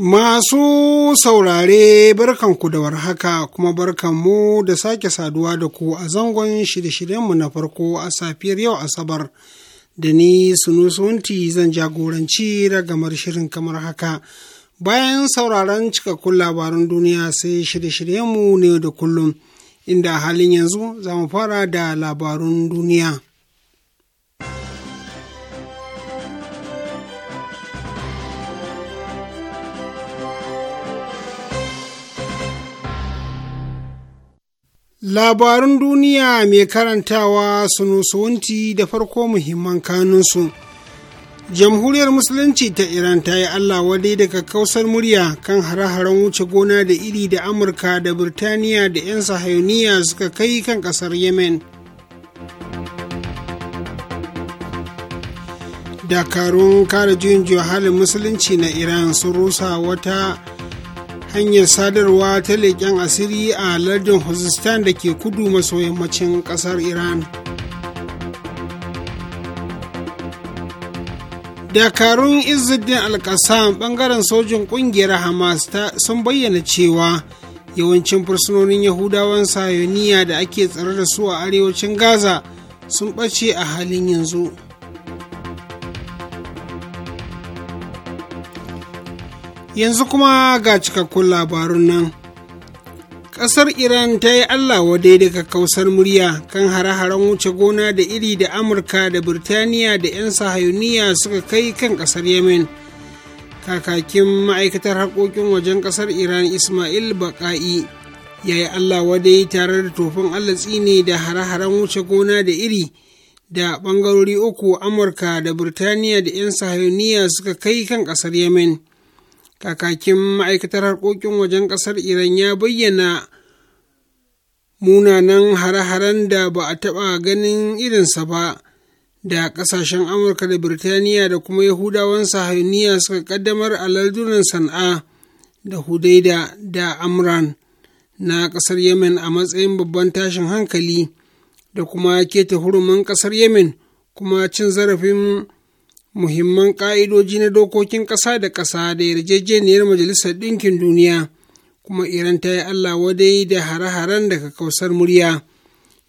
Masu saurare barkanku da warhaka kuma barkanmu da sake saduwa da ku a zangon shirye-shiryenmu na farko a safiyar yau Asabar. Da ni Sunusunti zan jagoranci ragamar shirin kamar haka. Bayan sauraron cikakkun labaran duniya sai shirye-shiryenmu ne da kullum, inda halin yanzu za mu fara da labarun duniya. Labarun duniya mai karantawa sunusuwanti da farko muhimman kanunsu. Jamhuriyar Musulunci ta Iran ta yi Allah wadai daga kausar murya kan hare-haren wuce gona da iri da Amurka da Birtaniya da 'yan sahayoniya suka kai kan ƙasar Yemen. Dakarun kare juyin halin Musulunci na Iran sun rusa wata hanyar sadarwa ta leƙen asiri a lardin huzistan da ke kudu maso yammacin ƙasar Iran. Dakarun Izzuddin Alƙasa, ɓangaren sojin ƙungiyar Hamas sun bayyana cewa yawancin fursunonin Yahudawan Sayoniya da ake tsare da su a arewacin Gaza sun ɓace a halin yanzu. yanzu kuma ga cikakkun labarun nan ƙasar iran ta yi allah wadai daga kausar murya kan hare-haren wuce gona da iri da amurka da birtaniya da 'yan sahayuniya suka kai kan ƙasar yemen kakakin ma'aikatar harkokin wajen ƙasar iran ismail baƙa'i ya yi allah wadai tare da tofin allah tsini da hare-haren wuce gona da iri da ɓangarori uku amurka da birtaniya da 'yan sahayuniya suka kai kan ƙasar yemen kakakin ma'aikatar harkokin wajen ƙasar iran ya bayyana munanan hare-haren da ba a taɓa ganin irinsa ba da ƙasashen amurka da birtaniya da kuma yahudawan sahiniya suka ƙaddamar a lardunan sana'a da hudaida da amran na ƙasar yemen a matsayin babban tashin hankali da kuma keta hurumin ƙasar yemen kuma cin zarafin muhimman ƙa'idoji na dokokin ƙasa da ƙasa da yarjejeniyar Majalisar Ɗinkin Duniya, kuma Iran ta yi Allah wadai da hare-haren daga kausar murya.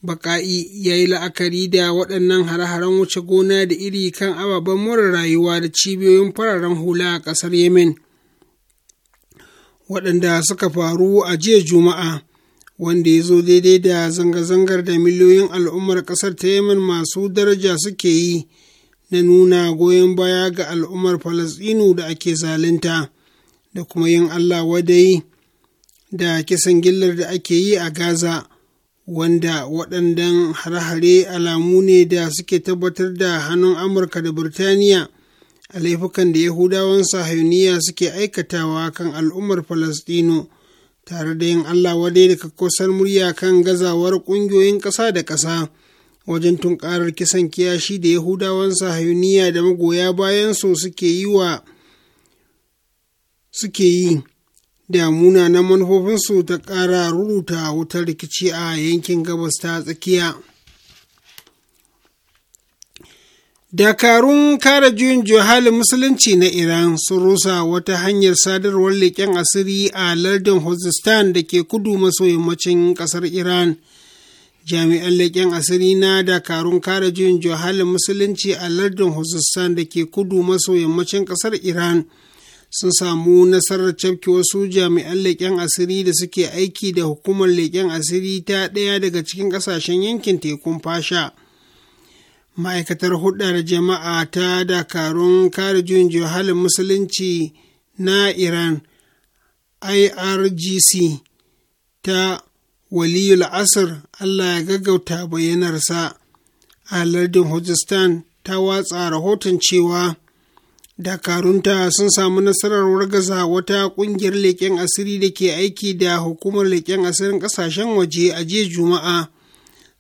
Baƙa'i ya yi la'akari da waɗannan hare-haren wuce gona da iri kan ababen more rayuwa da cibiyoyin fararen hula a ƙasar Yemen, waɗanda suka faru a jiya Juma'a. wanda ya zo daidai da zanga-zangar da miliyoyin al'ummar ƙasar ta Yemen masu daraja suke yi na nuna goyon baya ga al'ummar falasɗinu da ake zalunta da kuma yin allah wadai da kisan gillar da ake yi a gaza wanda waɗandan hare-hare alamu ne da suke tabbatar da hannun amurka da birtaniya a laifukan da yahudawan sahayuniya suke aikatawa kan al'ummar falasɗinu tare da yin allah wadai da kakkosar murya kan gazawar ƙungiyoyin ƙasa da ƙasa wajen tunkarar kisan kiyashi da yahudawan sahayuniya da magoya bayan su suke yi wa suke yi da munanan manufofinsu ta ƙara ruruta wutar rikici a yankin gabas ta tsakiya dakarun kare juyin musulunci na iran sun rusa wata hanyar sadarwar leƙen asiri a lardin hozistan da ke kudu maso yammacin ƙasar iran jami'an leƙen asiri na dakarun kare juyin johalin musulunci a lardin husussan da ke kudu maso yammacin ƙasar iran sun samu nasarar cafke wasu jami'an leƙen asiri da suke aiki da hukumar leƙen asiri ta ɗaya daga cikin ƙasashen yankin tekun fasha ma'aikatar hudar jama'a ta dakarun kare juyin johalin musulunci na iran irgc ta waliyul asir Allah ya gaggauta bayyanarsa a lardin Hujistan ta watsa rahoton cewa dakarunta sun samu nasarar wargaza wata ƙungiyar leƙen asiri da ke aiki da hukumar leƙen asirin ƙasashen waje a jiya juma'a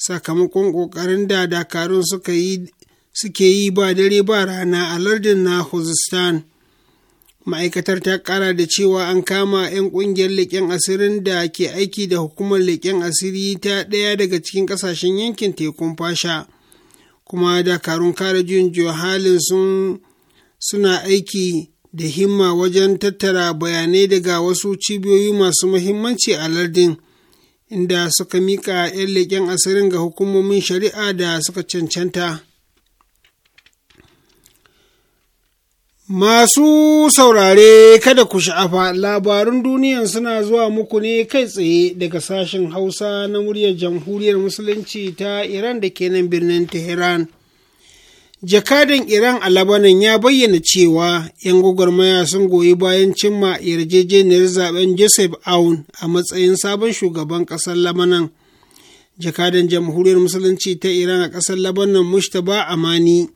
sakamakon ƙoƙarin da dakarun suke yi ba dare ba rana a lardin na Hujistan. ma'aikatar ta kara da cewa an kama 'yan kungiyar leƙen asirin da ke aiki da hukumar leƙen asiri ta ɗaya daga cikin ƙasashen yankin tekun fasha kuma dakarun kare juyin halin suna aiki da himma wajen tattara bayanai daga wasu cibiyoyi masu muhimmanci a lardin inda suka miƙa 'yan leƙen asirin ga hukumomin shari'a da suka cancanta. Masu saurare kada ku sha'afa labarun duniyan suna zuwa muku ne kai tsaye daga sashen Hausa na muryar Jamhuriyar Musulunci ta Iran da ke nan birnin Tehran. Jakadan Iran a Labanan ya bayyana cewa ‘yan gwagwarmaya sun goyi bayan cimma yarjejeniyar zaben Joseph Aoun a matsayin sabon shugaban ƙasar Labanan. Jakadan Jamhuriyar Musulunci ta Iran a ƙasar Labanan Mustapha Amani.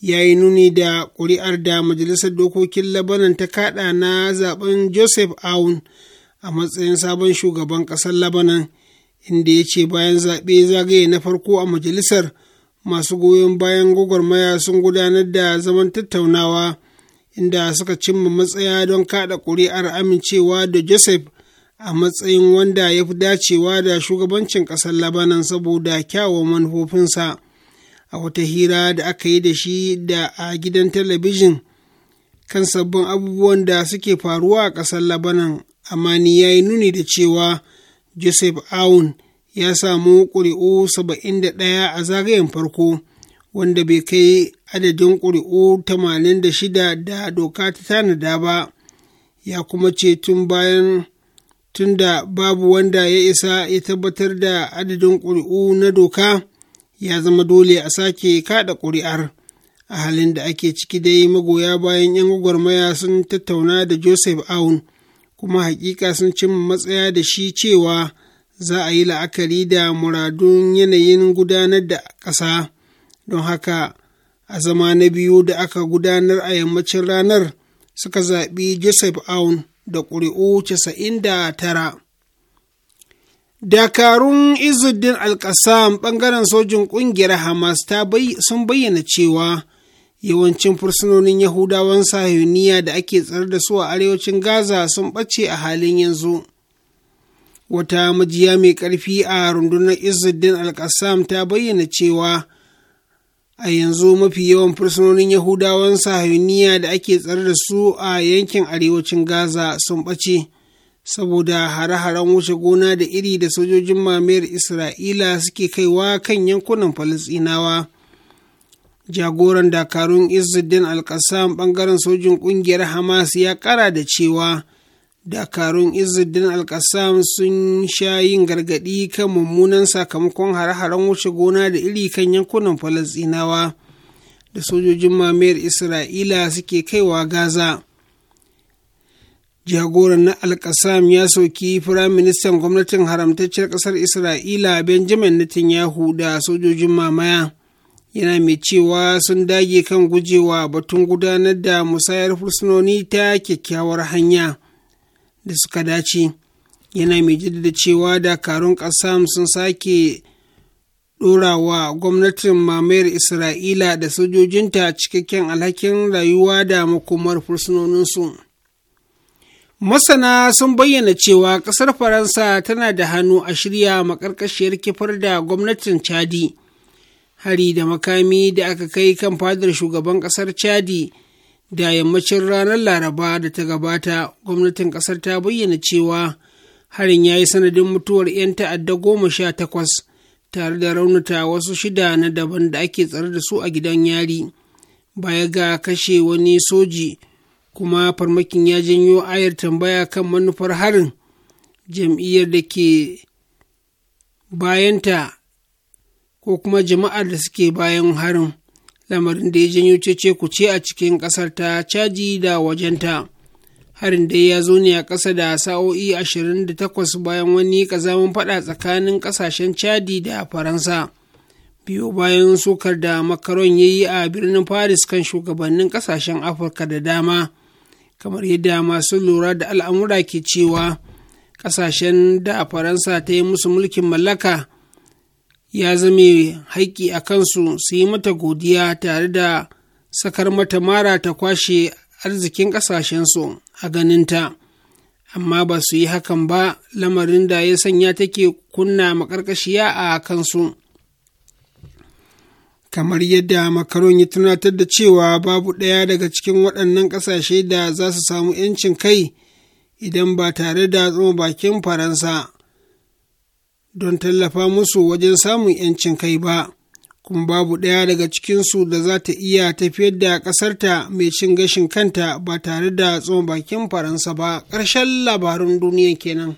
ya yi nuni da ƙuri'ar da majalisar dokokin labanan ta kaɗa na zaben joseph aun a matsayin sabon shugaban ƙasar labanan inda ya ce bayan zaɓe zagaye na farko a majalisar masu goyon bayan gwagwarmaya sun gudanar da zaman tattaunawa inda suka cimma matsaya don kaɗa ƙuri'ar amincewa da joseph a matsayin wanda ya fi dacewa da shugabancin ƙasar labanan saboda kyawawan manufofinsa. a wata hira da aka yi da shi da a gidan talabijin kan sabbin abubuwan da suke faruwa a ƙasar labanan amma ni ya yi nuni da cewa joseph aun ya samu ƙuri'u 71 a zagayen farko wanda bai kai adadin ƙuri'u 86 da doka ta tanada ba ya kuma ce tun bayan tun da babu wanda ya isa ya tabbatar da adadin ƙuri'u na doka ya zama dole a sake kada ƙuri'ar a halin da ake ciki dai magoya bayan 'yan gwagwarmaya sun tattauna da joseph aun kuma hakika sun cimma matsaya da shi cewa za a yi la'akari da muradun yanayin gudanar da ƙasa don haka a zama na biyu da aka gudanar a yammacin ranar suka zaɓi joseph aun da ƙuri'u casa'in Dakarun Izuddin Alkasam ɓangaren sojin ƙungiyar Hamas sun bayyana cewa yawancin fursunonin Yahudawan sahiyoniya da ake tsar da su a arewacin Gaza sun ɓace a halin yanzu. Wata majiya mai ƙarfi a rundunar Izuddin Alkasam ta bayyana cewa a yanzu mafi yawan fursunonin Yahudawan sahiyoniya da ake tsar da su a yankin arewacin Gaza sun ɓace. saboda hare-haren wuce gona da iri da sojojin mamayar isra'ila suke kaiwa kan yankunan falasinawa jagoran dakarun izzuddin alkassam bangaren sojin ƙungiyar hamas ya kara da cewa dakarun izzuddin alkassam sun sha yin gargadi kan mummunan sakamakon hare-haren wuce gona da iri kan yankunan falasinawa da sojojin mamayar isra'ila suke kaiwa gaza jagoran na alkasam ya soki firaministan gwamnatin haramtacciyar ƙasar isra'ila benjamin netanyahu da sojojin mamaya yana mai cewa sun dage kan gujewa batun gudanar da musayar fursunoni ta kyakkyawar hanya da suka dace yana mai jaddada cewa dakarun ƙasam sun sake ɗorawa gwamnatin mamayar isra'ila da sojojinta cikakken alhakin rayuwa da makomar fursunoninsu. Masana sun bayyana cewa ƙasar Faransa tana da hannu a shirya maƙarƙashiyar kifar da gwamnatin Chadi. Hari da makami da aka kai kan fadar shugaban ƙasar Chadi da yammacin ranar Laraba da ta gabata, gwamnatin ƙasar ta bayyana cewa harin ya yi sanadin mutuwar 'yan ta'adda goma sha takwas tare da raunata wasu shida na daban da ake tsare da su a gidan yari. Baya ga kashe wani soji. kuma farmakin ya janyo ayar tambaya kan manufar harin jam'iyyar da ke bayanta ko kuma jama'ar da suke bayan harin lamarin da ya janyo cece ce a cikin ƙasar ta caji da wajenta harin da ya zo ne a ƙasa da sa'o'i ashirin da 28 bayan wani ƙazamin faɗa tsakanin ƙasashen chadi da faransa biyu bayan sukar da makaron ya yi a birnin paris kan shugabannin ƙasashen afirka da dama kamar yadda masu lura da al'amura ke cewa ƙasashen da faransa ta yi musu mulkin mallaka ya zame haƙƙi a kansu su yi mata godiya tare da sakar mata mara ta kwashe arzikin ƙasashensu a ganinta amma ba su yi hakan ba lamarin da ya sanya take kunna maƙarƙashiya a kansu kamar yadda makaron ya tunatar da cewa babu ɗaya daga cikin waɗannan ƙasashe da za su samu 'yancin kai idan ba tare da tsoma bakin Faransa don tallafa musu wajen samun 'yancin kai ba, kuma babu ɗaya daga cikinsu da za ta iya tafiyar da ƙasarta mai cin gashin kanta ba tare da tsoma bakin Faransa ba. Ƙarshen labarun duniya kenan.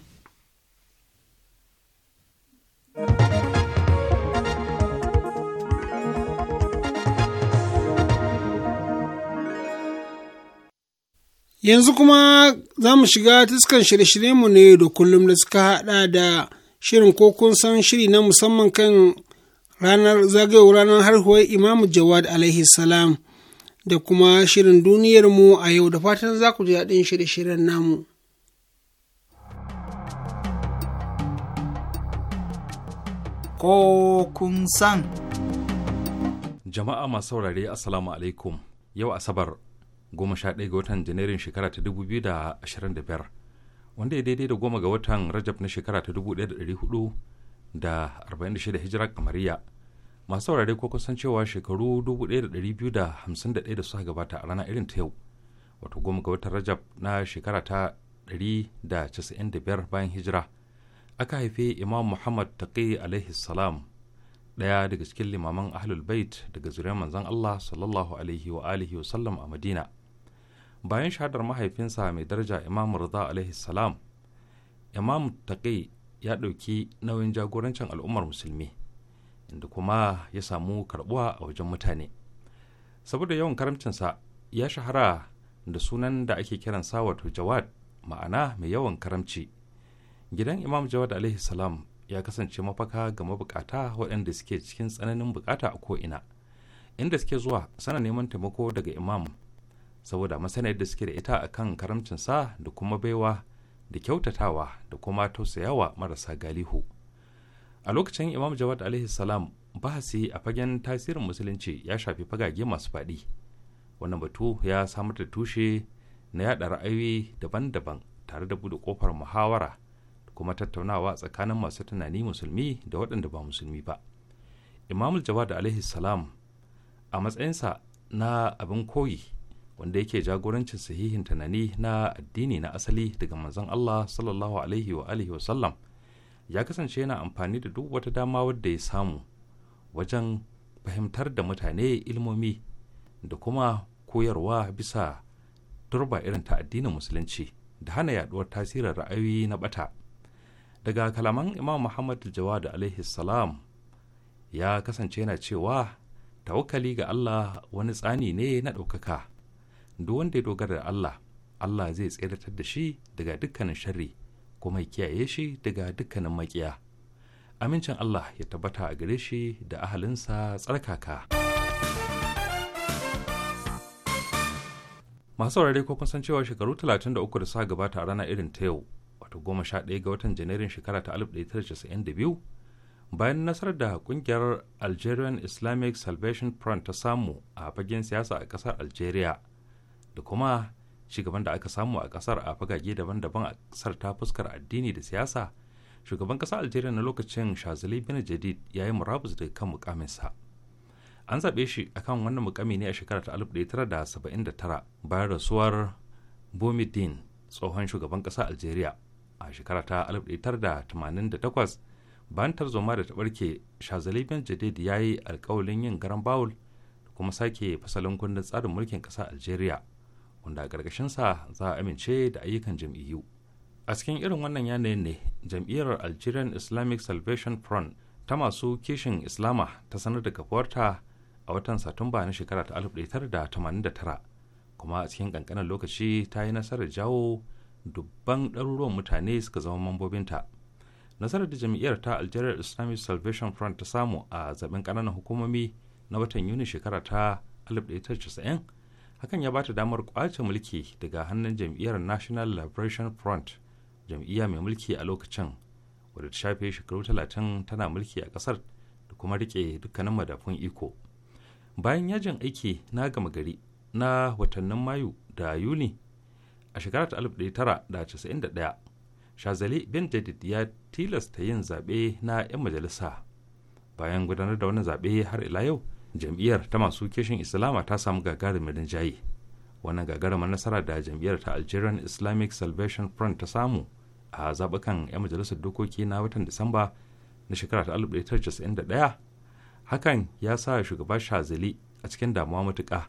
Yanzu kuma za mu shiga tuskan shirye-shiryenmu ne da kullum da suka haɗa da shirin ko kun san shiri na musamman kan ranar zagayowar ranar haihuwar Imamu Jawad alaihi salam da kuma shirin duniyarmu a yau da fatan za ku ji daɗin shirye-shiryen namu. Ko kun san. Jama'a masu saurare Assalamu alaikum yau Asabar goma sha ɗaya ga watan janairun shekara ta dubu biyu da ashirin da biyar wanda ya daidai da goma ga watan rajab na shekara ta dubu ɗaya da ɗari hudu da arba'in da shida hijira kamariya masu saurare ko kusan cewa shekaru dubu ɗaya da ɗari biyu da hamsin da ɗaya da suka gabata a rana irin ta yau wato goma ga watan rajab na shekara ta ɗari da casa'in da biyar bayan hijira aka haifi imam muhammad taqi alaihi salam ɗaya daga cikin limaman ahlul bait daga zuriyar manzon allah sallallahu alaihi wa alihi wa sallam a madina bayan shahadar mahaifinsa mai daraja imam rida alaihi salam imam taqi ya ɗauki nauyin jagorancin al'ummar musulmi inda kuma ya samu karɓuwa a wajen mutane saboda yawan karamcinsa ya shahara da sunan da ake kiran wato jawad ma'ana mai yawan karamci gidan imam jawad alaihi salam ya kasance mafaka ga mabukata waɗanda suke cikin tsananin bukata a ko'ina inda suke zuwa sana neman taimako daga imam saboda masanar da suke da ita a kan karamcinsa da kuma baiwa da kyautatawa da kuma tausayawa marasa galihu a lokacin imam jawad alaihi salam bahasi a fagen tasirin musulunci ya shafi fagage masu faɗi wannan batu ya samar da tushe na yada ra'ayoyi daban-daban tare da buɗe kofar muhawara da kuma tattaunawa tsakanin masu tunani musulmi da waɗanda ba musulmi ba imam jawad alaihi salam a matsayinsa na abin koyi wanda yake jagorancin sahihin tunani na addini na asali daga manzon Allah sallallahu alaihi wa alihi wasallam ya kasance yana amfani da duk wata dama wadda ya samu wajen fahimtar da mutane ilmomi da kuma koyarwa bisa turba irin ta addinin musulunci da hana yaduwar tasirin ra'ayoyi na bata daga kalaman imam muhammad jawad alaihi salam ya kasance yana cewa tawakkali ga allah wani tsani ne na ɗaukaka duk wanda ya dogara da Allah Allah zai tseratar da shi daga dukkanin sharri kuma ya kiyaye shi daga dukkanin makiya amincin Allah ya tabbata a gare shi da ahalinsa tsarkaka masu saurare ko kun san cewa shekaru 33 da suka gabata a rana irin ta yau wato 11 ga watan janairun shekara ta 1992 bayan nasarar da kungiyar algerian islamic salvation front ta samu a fagen siyasa a ƙasar algeria da kuma shugaban da aka samu a kasar a fagage daban-daban a kasar ta fuskar addini da siyasa shugaban kasar algeria na lokacin shazali bin jadid ya yi murabus daga kan mukaminsa an zaɓe shi akan wannan mukami ne a shekarar ta 1979 bayan rasuwar bomidin tsohon shugaban kasar algeria a shekarar ta 1988 bayan tarzoma da ta barke shazali bin jadid ya yi alkawalin yin garan bawul da kuma sake fasalin kundin tsarin mulkin kasar algeria wanda a sa za a amince da ayyukan jam'iyyu a cikin irin wannan yanayin ne jam'iyyar algerian islamic salvation front ta masu kishin islama ta sanar da kafuwarta a watan satumba na shekara ta 1989 kuma a cikin kankanin lokaci ta yi nasarar jawo dubban ɗaruruwan mutane suka zama mambobinta nasarar da jam'iyyar ta algerian islamic salvation front ta samu a zaben ƙananan hukumomi na watan yuni shekara ta 1990 hakan ya bata damar kwace mulki daga hannun jam'iyyar national liberation front jam'iyya mai mulki a lokacin wadda ta shafe shekaru talatin tana mulki a kasar da kuma rike dukkanin madafun iko bayan yajin aiki na gama gari na watannin mayu da yuni a shekarar 1991 shazali bin jadid ya tilasta yin zaɓe na 'yan majalisa bayan gudanar da wani zaɓe har ila yau jam'iyyar ta masu kishin islama ta samu gagarumin rinjaye wannan gagarumar nasara da jam'iyyar ta algerian islamic salvation front ta samu a zaɓukan 'yan majalisar dokoki na watan disamba na shekara ta 1991 hakan ya sa shugaba shazali a cikin damuwa matuƙa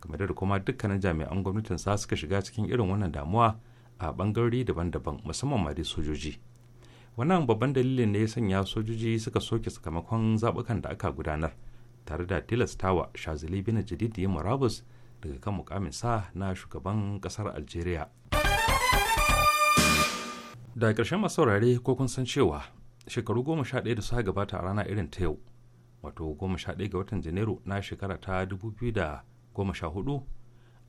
kamar da kuma dukkanin jami'an gwamnatin sa suka shiga cikin irin wannan damuwa a bangarori daban-daban musamman ma dai sojoji wannan babban dalilin ne ya sanya sojoji suka soke sakamakon zaɓukan da aka gudanar tare da tilastawa shazali bin jadid ya murabus daga kan mukamin sa na shugaban kasar algeria da ƙarshen masu saurare ko kun san cewa shekaru goma sha ɗaya da suka gabata a rana irin ta yau wato goma sha ɗaya ga watan janairu na shekara ta dubu biyu da goma sha hudu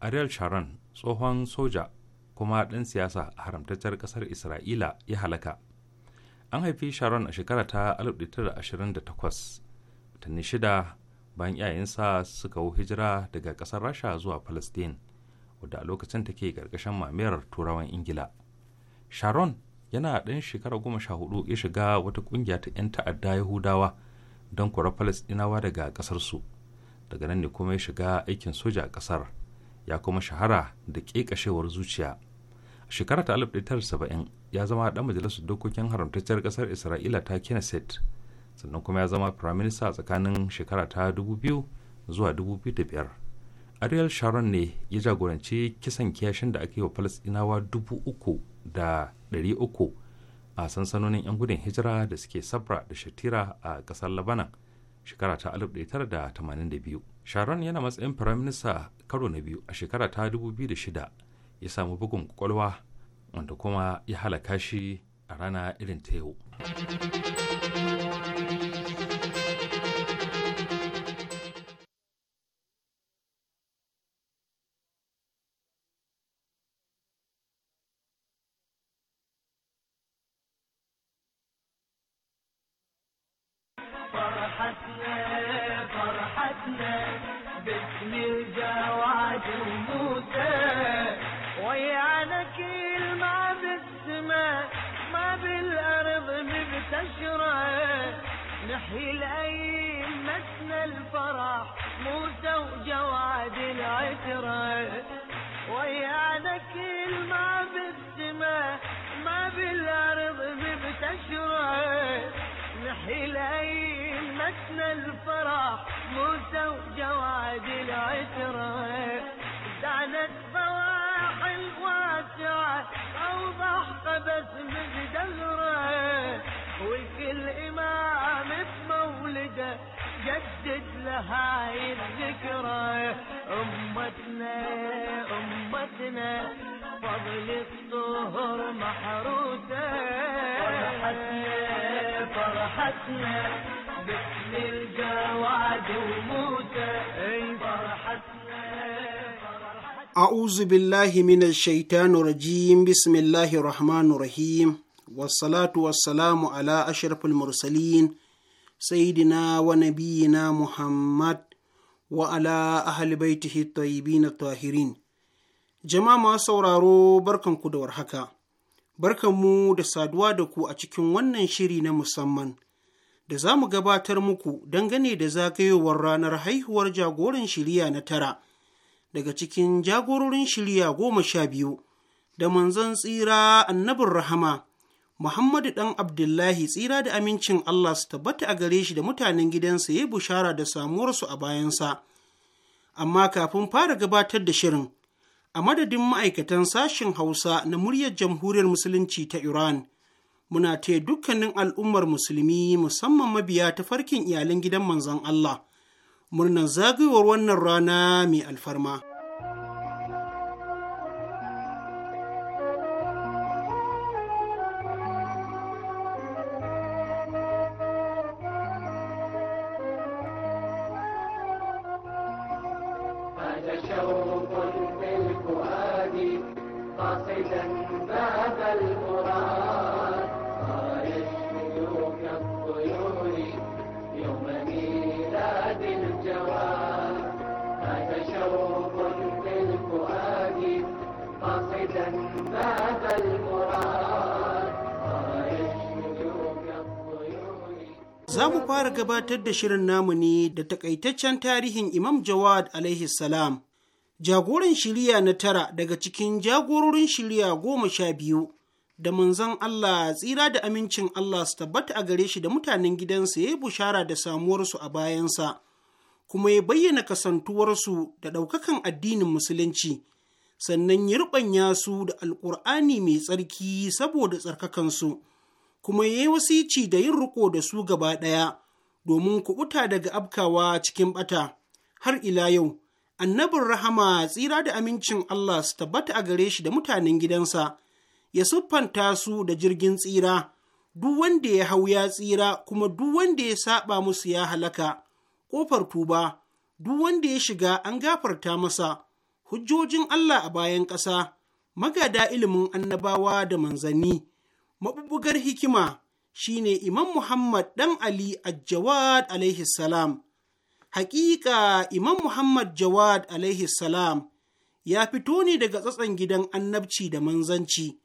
ariel sharon tsohon soja kuma ɗan siyasa a haramtaccen ƙasar isra'ila ya halaka an haifi sharon a shekara ta 1928 watanni shida bayan iyayensa suka hijira daga ƙasar rasha zuwa palestine wadda a lokacin take ƙarƙashin mamayar turawan ingila sharon yana ɗan shekara goma sha hudu ya shiga wata ƙungiya ta 'yan ta'adda yahudawa don kura palestinawa daga ƙasarsu daga nan ne kuma ya shiga aikin soja a ƙasar ya kuma shahara da ƙeƙashewar zuciya a shekara ta 1970 ya zama ɗan majalisar dokokin haramtacciyar ƙasar isra'ila ta kenneth sannan kuma ya zama prime minister tsakanin shekara ta 2000 zuwa 2005 ariel sharon ne ya jagoranci kisan kiyashin da aka yi wa falasɗinawa 3,300 a sansanonin 'yan gudun hijira da suke sabra da shatira a kasar labanan shekara ta 1982 sharon yana matsayin prime minister karo na biyu a shekara ta 2006 ya samu bugun kwakwalwa wanda kuma ya halaka shi a rana irin ta yau billahi min shaitani rajim bismillahi rahmanu rahim wassalatu wassalamu ala ashrafil mursalin sayidina wa nabiyina muhammad wa ala ahli baitihi na tahirin jama'a masu sauraro barkanku da warhaka barkanmu da saduwa da ku a cikin wannan shiri na musamman da za mu gabatar muku dangane da zagayowar ranar haihuwar jagoran shiriya na tara daga cikin jagororin shirya goma sha biyu da manzon tsira annabin rahama Muhammadu ɗan Abdullahi tsira da amincin Allah su tabbata a gare shi da mutanen gidansa ya yi bushara da samuwarsu a bayansa. Amma kafin fara gabatar da shirin, a madadin ma'aikatan sashen Hausa na muryar Jamhuriyar Musulunci ta Iran, muna taya dukkanin al'ummar musulmi musamman mabiya ta farkin iyalan gidan manzon Allah. murnar zagayowar wannan rana mai alfarma. mu fara gabatar da shirin namu ne da takaitaccen tarihin Imam Jawad alaihi salam, jagoran shirya na tara daga cikin jagororin shirya goma sha biyu, da manzon Allah tsira da amincin Allah su tabbata a gare shi da mutanen gidansa ya yi bushara da samuwarsu a bayansa, kuma ya bayyana kasantuwarsu da ɗaukakan addinin Musulunci, sannan ya ruɓanya su da Alƙur'ani mai tsarki saboda tsarkakansu. kuma ya yi wasici da yin riko da su gaba ɗaya domin kuɓuta daga abkawa cikin ɓata har ila yau annabin rahama tsira da amincin Allah su tabbata a gare shi da mutanen gidansa ya siffanta su da jirgin tsira duk wanda ya hau ya tsira kuma duk wanda ya saba musu ya halaka ƙofar tuba duk wanda ya shiga an gafarta masa hujjojin Allah a bayan ƙasa magada ilimin annabawa da manzanni mabubugar hikima shine Imam Muhammad ɗan Ali Ajawad alaihi salam. Hakika Imam Muhammad Jawad alaihi salam ya fito ne daga tsatson gidan annabci da manzanci,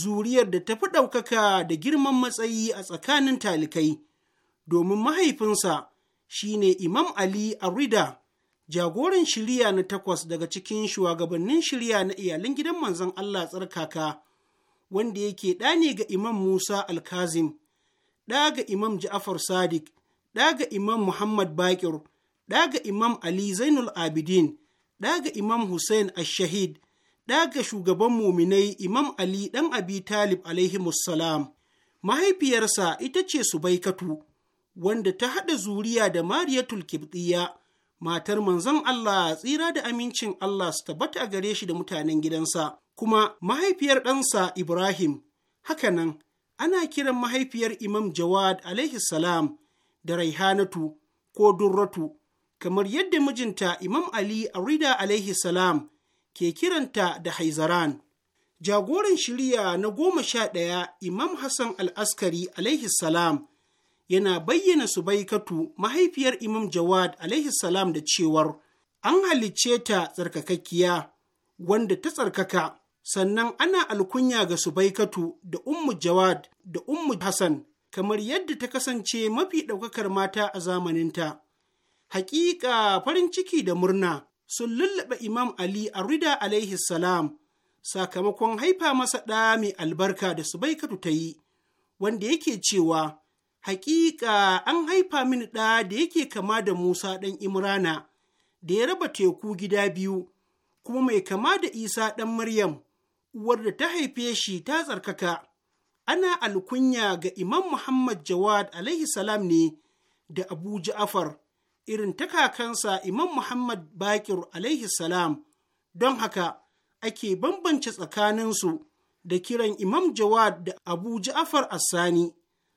zuriyar da tafi ɗaukaka da girman matsayi a tsakanin talikai, domin mahaifinsa shine Imam Ali Arida, jagoran shirya na takwas daga cikin shugabannin shirya na iyalin gidan manzan Allah tsarkaka. wanda yake ɗa ne ga Imam Musa Alkazim, ɗa ga Imam ja'afar Sadiq, ɗa ga Imam Muhammad Bakir, ɗa ga Imam Ali Zainul Abidin, ɗa ga Imam Hussein Ash-Shahid, ɗa ga shugaban muminai Imam Ali ɗan Abi Talib alaihi Mahaifiyarsa ita ce Subaikatu, wanda ta haɗa zuriya da Mariyatul Kibtiya. matar manzon Allah tsira da amincin Allah su tabbata a gare shi da mutanen gidansa, kuma mahaifiyar ɗansa Ibrahim. Hakanan, ana kiran mahaifiyar Imam Jawad alaihi salam da Raihanatu ko Durratu, kamar yadda mijinta Imam Ali Arida alaihi salam ke kiranta da Haizaran. Jagoran shirya na goma sha ɗaya Imam Hassan al-Askari alaihi salam yana bayyana subaikatu mahaifiyar imam jawad alaihi salam da cewar an halicce ta tsarkakakkiya wanda ta tsarkaka sannan ana alkunya ga subaikatu da ummu jawad da ummu hassan kamar yadda ta kasance mafi ɗaukakar mata a zamaninta hakika farin ciki da murna sun lullaɓa imam ali a rida alaihi salam sakamakon haifa masa ɗa mai albarka da subaikatu ta yi wanda yake cewa Haƙiƙa an haifa mini ɗa da yake kama da Musa ɗan Imrana, da ya raba teku gida biyu, kuma mai kama da Isa ɗan Maryam, uwar da ta haife shi ta tsarkaka. Ana alkunya ga Imam Muhammad Jawad alaihi salam ne da Abu Ja'afar, irin ta kakansa Imam Muhammad Bakir alaihi salam, don haka ake bambance tsakaninsu da kiran Imam Jawad da Abu Ja'afar Assani.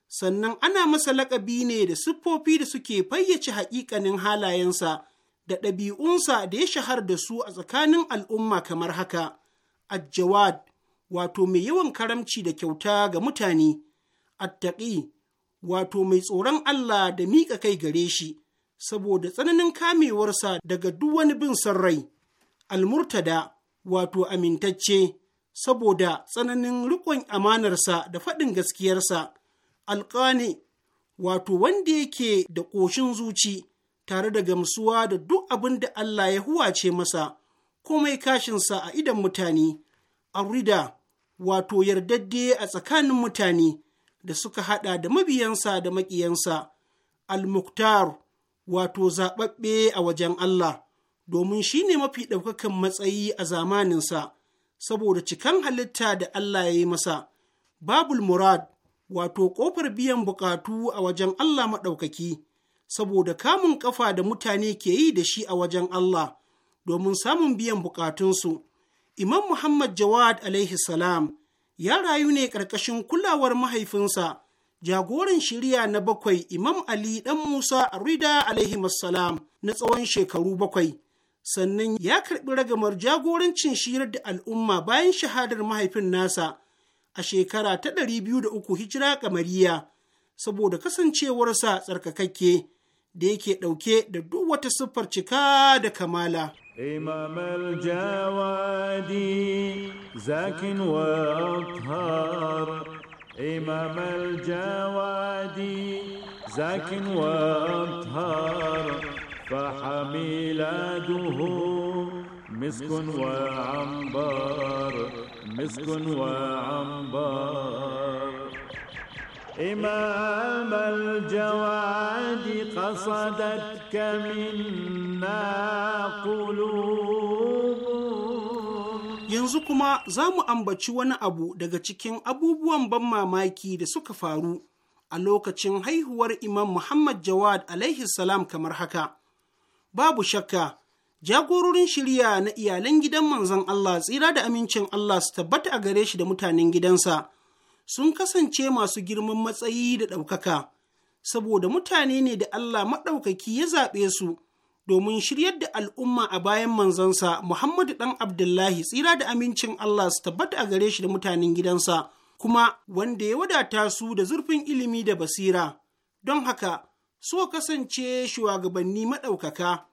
sannan ana masa laƙabi ne da siffofi da suke fayyace haƙiƙanin halayensa da ɗabi'unsa da ya shahar da su a tsakanin al'umma kamar haka, Ajjawad, wato mai yawan karamci da kyauta ga mutane, attaƙi, wato mai tsoron Allah da miƙa kai gare shi, saboda tsananin kamewarsa daga duk wani bin son rai, almurtada, wato amintacce, saboda tsananin riƙon amanarsa da faɗin gaskiyarsa. alƙani wato wanda yake da ƙoshin zuci tare da gamsuwa da duk abin da Allah ya huwace masa komai kashinsa a idan mutane arida wato yardadde a tsakanin mutane da suka haɗa da mabiyansa da maƙiyansa al wato zaɓaɓɓe a wajen Allah domin shi ne mafi ɗaukakan matsayi a zamaninsa saboda cikan halitta da Allah ya yi masa babul murad wato ƙofar biyan buƙatu a wajen Allah maɗaukaki, saboda kamun ƙafa da mutane ke yi da shi a wajen Allah domin samun biyan bukatunsu. Imam Muhammad Jawad alaihi salam ya rayu ne ƙarƙashin kulawar mahaifinsa, jagoran shirya na bakwai Imam Ali ɗan Musa Arida alaihi salam na tsawon shekaru bakwai. Sannan ya karɓi ragamar jagorancin shirar da al'umma bayan shahadar mahaifin nasa. a shekara ta ɗari biyu da uku hijira kamariya saboda kasancewarsa tsarkakakke da yake ɗauke da duk wata siffar cika da kamala. إمام الجواد زاك وأطهار إمام الجواد زاك فحميلاده مسك وعنبر مسك وعنبر إمام الجواد قصدتك منا قلوب Yanzu kuma za mu ambaci wani abu daga cikin abubuwan ban mamaki da suka faru a lokacin haihuwar Imam Muhammad Jawad alaihi salam kamar haka. Babu shakka jagororin shirya na iyalan gidan manzon Allah tsira da amincin Allah su tabbata a gare shi da mutanen gidansa sun kasance masu girman matsayi da ɗaukaka saboda mutane ne da Allah maɗaukaki ya zaɓe su domin shiryar da al'umma a bayan manzansa Muhammadu ɗan Abdullahi tsira da amincin Allah su tabbata a gare shi da mutanen gidansa kuma wanda ya wadata su da zurfin ilimi da basira don haka so kasance shugabanni maɗaukaka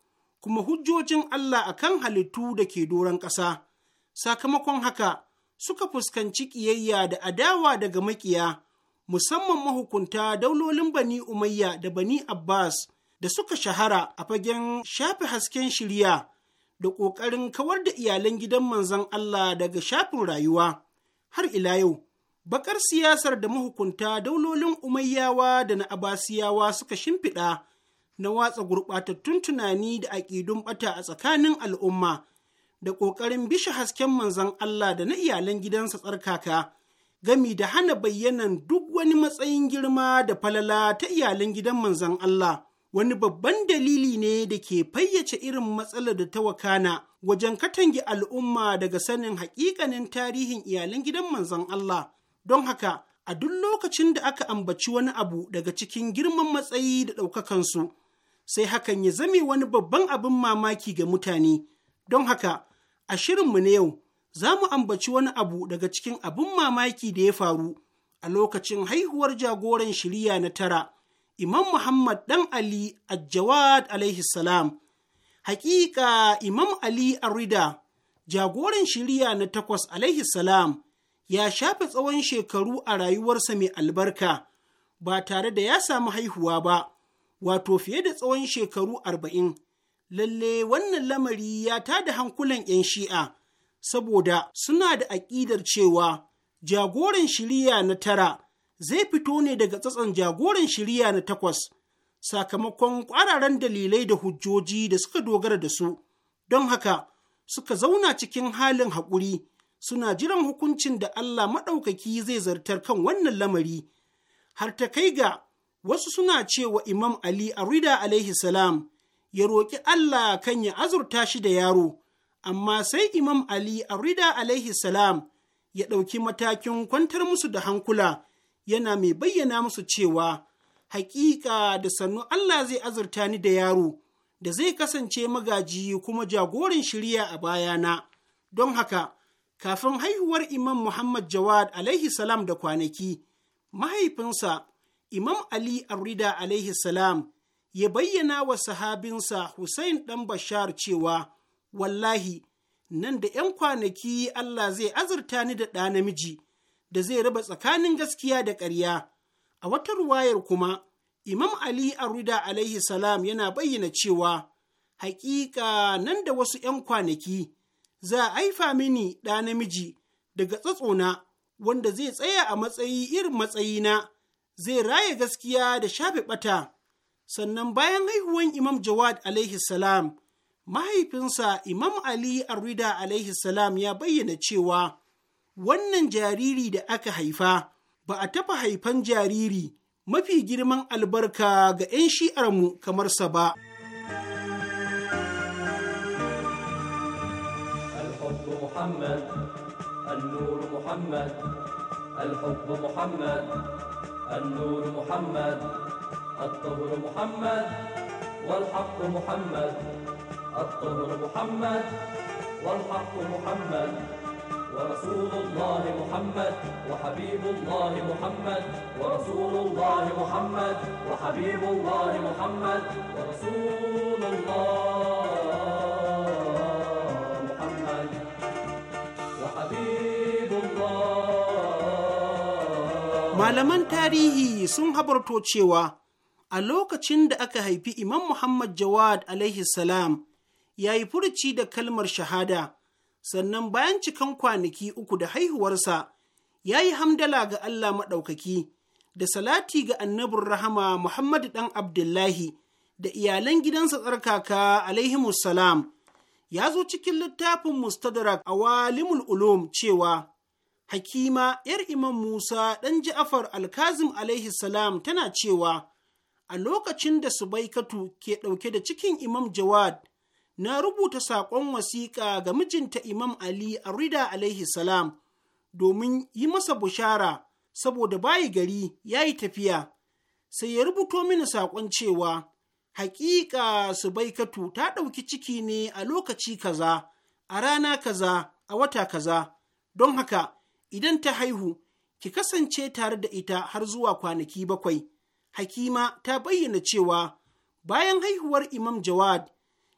kuma hujjojin Allah a kan halittu da ke doron ƙasa. Sakamakon haka, suka fuskanci ƙiyayya da adawa daga maƙiya, musamman mahukunta daulolin Bani Umayya da Bani Abbas da suka shahara a fagen shafi hasken shirya da ƙoƙarin kawar da iyalan gidan manzon Allah daga shafin rayuwa. Har ila yau, bakar siyasar da mahukunta daulolin Umayyawa da na Abasiyawa suka shimfiɗa na watsa gurɓatattun tunani da aƙidun ɓata a tsakanin al'umma da ƙoƙarin bishe hasken manzan Allah da na iyalan gidansa tsarkaka gami da hana bayyanan duk wani matsayin girma da falala ta iyalan gidan manzan Allah wani babban dalili ne da ke fayyace irin matsalar da ta wakana wajen katange al'umma daga sanin haƙiƙanin tarihin iyalan gidan manzan Allah don haka a duk lokacin da aka ambaci wani abu daga cikin girman matsayi da ɗaukakansu sai hakan ya zame wani babban abin mamaki ga mutane. Don haka, a shirinmu na yau, za mu ambaci wani abu daga cikin abin mamaki da ya faru a lokacin haihuwar jagoran shiriya na tara, Imam Muhammad ɗan Ali Ajawad alaihi salam. Hakika Imam Ali Arida, jagoran shiriya na takwas alaihi salam, ya shafe tsawon shekaru a rayuwarsa mai albarka, ba tare da ya samu haihuwa ba. wato fiye da tsawon shekaru arba'in. Lalle wannan lamari ya tada hankulan 'yan shi'a, saboda suna da aƙidar cewa jagoran shiriya na tara zai fito ne daga tsatson jagoran shiriya na takwas, sakamakon ƙwararren dalilai da hujjoji da suka dogara da su. Don haka, suka zauna cikin halin haƙuri, suna jiran hukuncin da Allah maɗaukaki zai zartar kan wannan lamari. har ta kai ga wasu suna cewa Imam Ali a rida alaihi salam ya roƙi Allah kan ya azurta shi da yaro, amma sai Imam Ali a rida alaihi salam ya ɗauki matakin kwantar musu da hankula yana mai bayyana musu cewa haƙiƙa da sannu Allah zai azurta ni da yaro da zai kasance magaji kuma jagorin shirya a bayana. Don haka, kafin haihuwar Imam Muhammad Jawad alaihi salam da kwanaki, mahaifinsa Imam Ali Arrida alaihi salam ya bayyana wa sahabinsa Hussein ɗan Bashar cewa, Wallahi, nan da ’yan kwanaki Allah zai azurta ni da ɗa namiji, da zai raba tsakanin gaskiya da ƙarya. A wata ruwayar kuma, Imam Ali Arrida alaihi salam yana bayyana cewa, haƙiƙa, nan da wasu ’yan kwanaki, za a haifa mini ɗa namiji daga tsatsona, wanda zai tsaya a matsayi irin matsayina. zai raya gaskiya da shafe ɓata. Sannan bayan haihuwan Imam Jawad alaihi salam, mahaifinsa Imam Ali Arrida alaihi salam ya bayyana cewa wannan jariri da aka haifa ba a tafa haifan jariri mafi girman albarka ga 'yan shi'armu kamar sa ba. محمد النور محمد الحب محمد النور محمد الطهر محمد والحق محمد الطهر محمد والحق محمد ورسول الله محمد وحبيب الله محمد ورسول الله محمد وحبيب الله محمد ورسول الله Malaman tarihi sun habarto cewa a lokacin da aka haifi Imam Muhammad Jawad alaihi salam ya yi furci da kalmar shahada, sannan bayan cikan kwanaki uku da haihuwarsa ya yi hamdala ga Allah maɗaukaki da salati ga annabin rahama Muhammad ɗan Abdullahi da iyalan gidansa tsarkaka alaihimus salam. ya zo cikin littafin mustadrak a walimul ulum cewa Hakima ‘yar Imam Musa ɗan Ja'afar Alkazim alaihi salam tana cewa, A lokacin da Subaikatu ke ɗauke da cikin Imam Jawad, na rubuta saƙon wasiƙa ga mijinta Imam Ali a Rida alaihi salam domin yi masa bushara saboda bayi gari ya yi tafiya. Sai ya rubuto mini saƙon cewa, Hakika Subaikatu ta ɗauki ciki ne a lokaci kaza, a rana kaza, a wata kaza. Don haka, idan ta haihu, ki kasance tare da ita har zuwa kwanaki bakwai. Hakima ta bayyana cewa bayan haihuwar Imam Jawad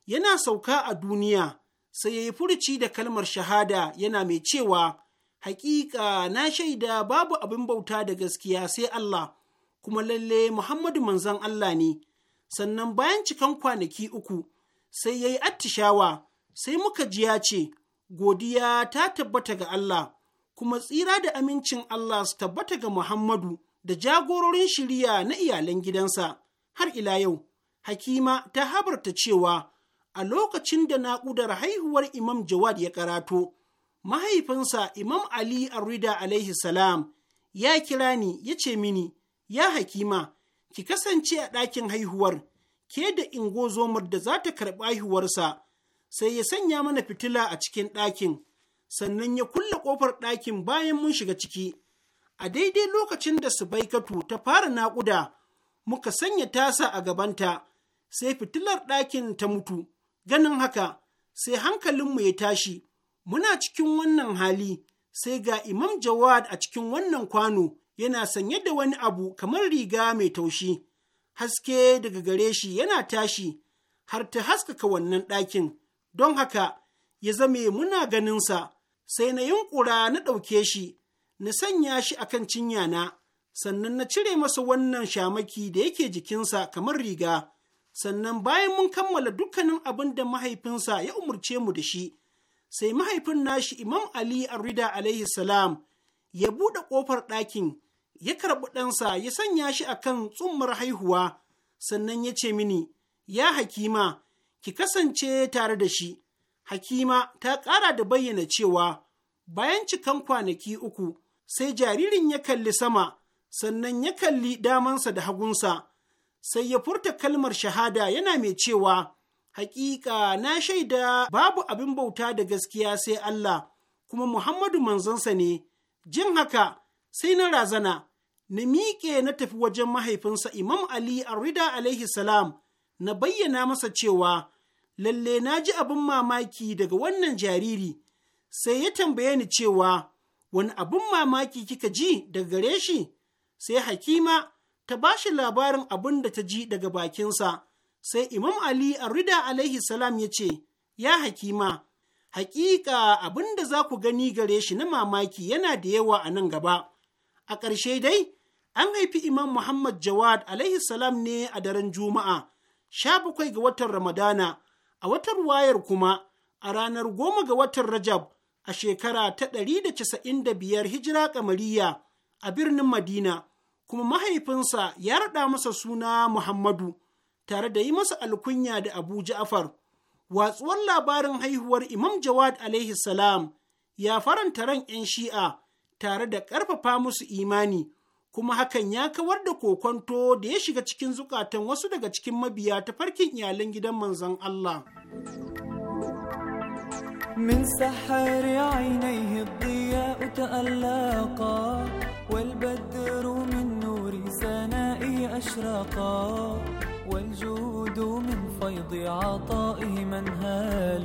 yana sauka a duniya sai ya yi furci da kalmar shahada yana mai cewa, Hakika na shaida babu abin bauta da gaskiya sai Allah, kuma lalle Muhammadu manzon Allah ne, sannan bayan cikan kwanaki uku sai ya yi attishawa, sai muka ji ya ce, Godiya ta tabbata ga Allah. kuma tsira da amincin Allah su tabbata ga Muhammadu da jagororin shiriya na iyalan gidansa har ila yau Hakima ta habarta cewa a lokacin da naƙudar haihuwar Imam Jawad ya karato mahaifinsa Imam Ali Arrida alaihi salam ya kira ni ya ce mini ya Hakima ki kasance a ɗakin haihuwar ke da ingozomar da za ta karɓi haihuwarsa sai ya sanya mana fitila a cikin ɗakin sannan ya kulle ƙofar ɗakin bayan mun shiga ciki. A daidai lokacin da Subaikatu ta fara naƙuda, muka sanya tasa a gabanta, sai fitilar ɗakin ta mutu. Ganin haka, sai hankalinmu ya tashi, muna cikin wannan hali, sai ga Imam Jawad a cikin wannan kwano yana sanye da wani abu kamar riga mai taushi. Haske daga gare shi yana tashi, har ta haskaka wannan ɗakin, don haka ya zame muna ganinsa. sai na yunƙura na ɗauke shi, na sanya shi a kan cinya na, sannan na cire masa wannan shamaki da yake jikinsa kamar riga, sannan bayan mun kammala dukkanin abin da mahaifinsa ya umarce mu da shi, sai mahaifin nashi Imam Ali Arrida alaihi salam ya buɗe ƙofar ɗakin, ya karɓi ɗansa ya sanya shi a kan tsummar haihuwa, sannan ya ce mini, Ya hakima, ki kasance tare da shi. Hakima ta ƙara da bayyana cewa bayan cikan kwanaki uku sai jaririn ya kalli sama sannan ya kalli damansa da hagunsa sai ya furta kalmar shahada yana mai cewa hakika na shaida babu abin bauta da gaskiya sai Allah kuma Muhammadu manzansa ne jin haka sai na razana na miƙe na tafi wajen mahaifinsa Imam Ali Arrida alaihi salam na bayyana masa cewa lalle na ji abin mamaki daga wannan jariri, sai ya tambaye ni cewa, wani abin mamaki kika ji daga gare shi, sai Hakima ta ba shi labarin abin da ta ji daga bakinsa, sai Imam Ali Arida alaihi salam ya ce, Ya Hakima, hakika abin da za ku gani gare shi na mamaki yana da yawa a nan gaba. A ƙarshe dai, an haifi Imam Muhammad Jawad alaihi salam ne a daren Juma'a, sha bakwai ga watan Ramadana, A wata ruwayar kuma, a ranar goma ga watan Rajab a shekara ta ɗari da casa'in da biyar hijira kamariya a birnin Madina, kuma mahaifinsa ya raɗa masa suna Muhammadu, tare da yi masa alkunya da Abu Ja'far. Watsuwar labarin haihuwar Imam Jawad alaihi salam ya faranta ran ‘yan shi'a tare da ƙarfafa musu imani. kuma hakan ya kawar da kokonto da ya shiga cikin zukatan wasu daga cikin mabiya ta farkin iyalan gidan manzon Allah. من سحر عينيه الضياء تألقا والبدر من نور سنائه أشرقا والجود من فيض عطائه منهال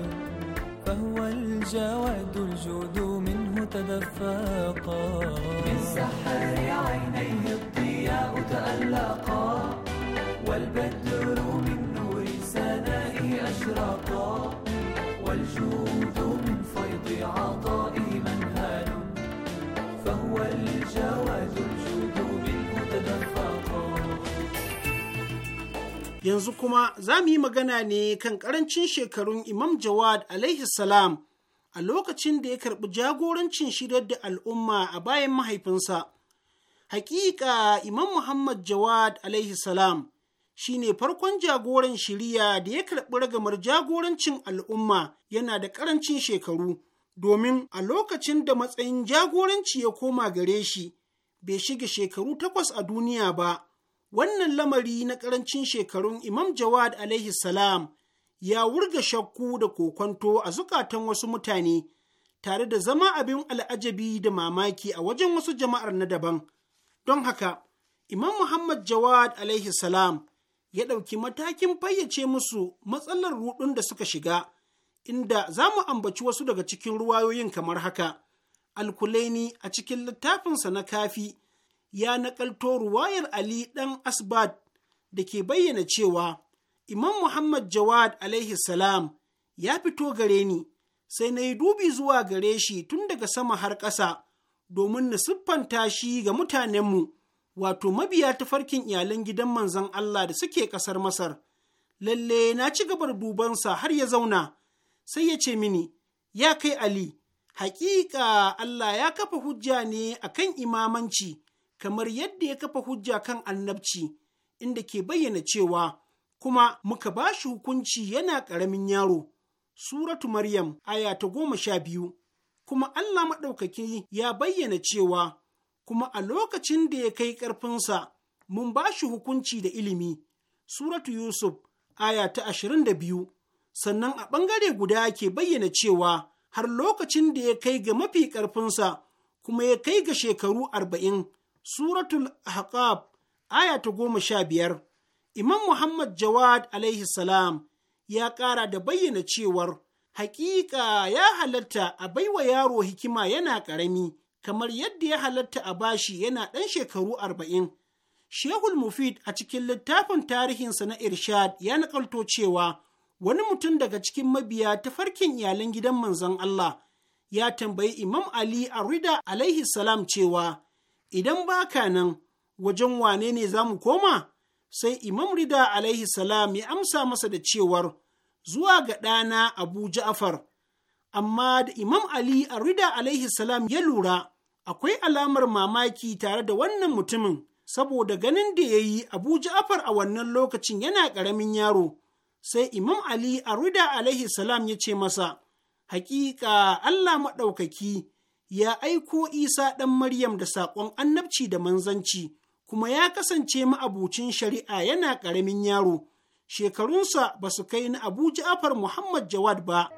فهو الجواد الجود منه تدفقا سحر عينيه الضياء تألقا والبدر من نور سنائه أشرقا والجود من فيض عطائه منهال فهو الجواد Yanzu kuma za mu yi magana ne kan ƙarancin shekarun Imam Jawad alaihi salam a lokacin da ya karɓi jagorancin shirar da al'umma a bayan mahaifinsa. Hakika Imam Muhammad Jawad alaihi salam shi ne farkon jagoran shiriya da ya karɓi ragamar jagorancin al'umma yana da ƙarancin shekaru, domin a lokacin da matsayin jagoranci ya koma gare shi, bai shiga shekaru takwas a duniya ba. wannan lamari na ƙarancin shekarun Imam Jawad alaihi salam ya wurga shakku da kokwanto a zukatan wasu mutane tare da zama abin al'ajabi da mamaki a wajen wasu jama'ar na daban. Don haka, Imam Muhammad Jawad alaihi salam ya ɗauki matakin fayyace musu matsalar ruɗun da suka shiga, inda za mu ambaci wasu daga cikin ruwayoyin kamar haka. Alkulaini a cikin littafinsa na kafi ya nakalto ruwayar Ali ɗan Asbad da ke bayyana cewa Imam Muhammad Jawad alaihi salam ya fito gare ni, sai na yi dubi zuwa gare shi tun daga sama har ƙasa domin na siffanta shi ga mutanenmu, wato mabiya tafarkin iyalan gidan manzon Allah da suke ƙasar Masar. Lalle na ci gabar dubansa har ya zauna, sai ya ce mini, Ya kai Ali, haƙiƙa Allah ya kafa hujja ne akan imamanci. kamar yadda ya kafa hujja kan annabci inda ke bayyana cewa kuma muka ba shi hukunci yana ƙaramin yaro suratu maryam aya ta goma sha biyu kuma allah maɗaukaki ya bayyana cewa kuma a lokacin da ya kai ƙarfinsa mun ba shi hukunci da ilimi suratu yusuf aya ta ashirin da biyu sannan a ɓangare guda ke bayyana cewa har lokacin da ya kai ga mafi ƙarfinsa kuma ya kai ga shekaru arba'in Suratul Haqab aya ta goma sha biyar, Imam Muhammad Jawad alaihi salam ya ƙara da bayyana cewar hakika ya halatta a baiwa yaro hikima yana ƙarami kamar yadda ya halatta a bashi yana ɗan shekaru arba'in. Shehul Mufid a cikin littafin tarihinsa na Irshad ya nakalto cewa wani mutum daga cikin mabiya ta farkin iyalan gidan manzon Allah ya tambayi Imam Ali a Rida alaihi salam cewa idan baka nan wajen wane ne za mu koma? Sai Imam Rida alaihi salam ya amsa masa da cewar zuwa ga ɗana Abu Ja'far. Amma da Imam Ali a Rida alaihi salam ya lura akwai alamar mamaki tare da wannan mutumin saboda ganin da ya yi Abu Ja'far a wannan lokacin yana ƙaramin yaro. Sai Imam Ali a Rida alaihi salam ya ce masa, Haƙiƙa Allah maɗaukaki ya aiko Isa ɗan Maryam da saƙon annabci da manzanci, kuma ya kasance ma'abucin shari'a yana ƙaramin yaro, shekarunsa ba su kai na Abu Ja'afar Muhammad Jawad ba.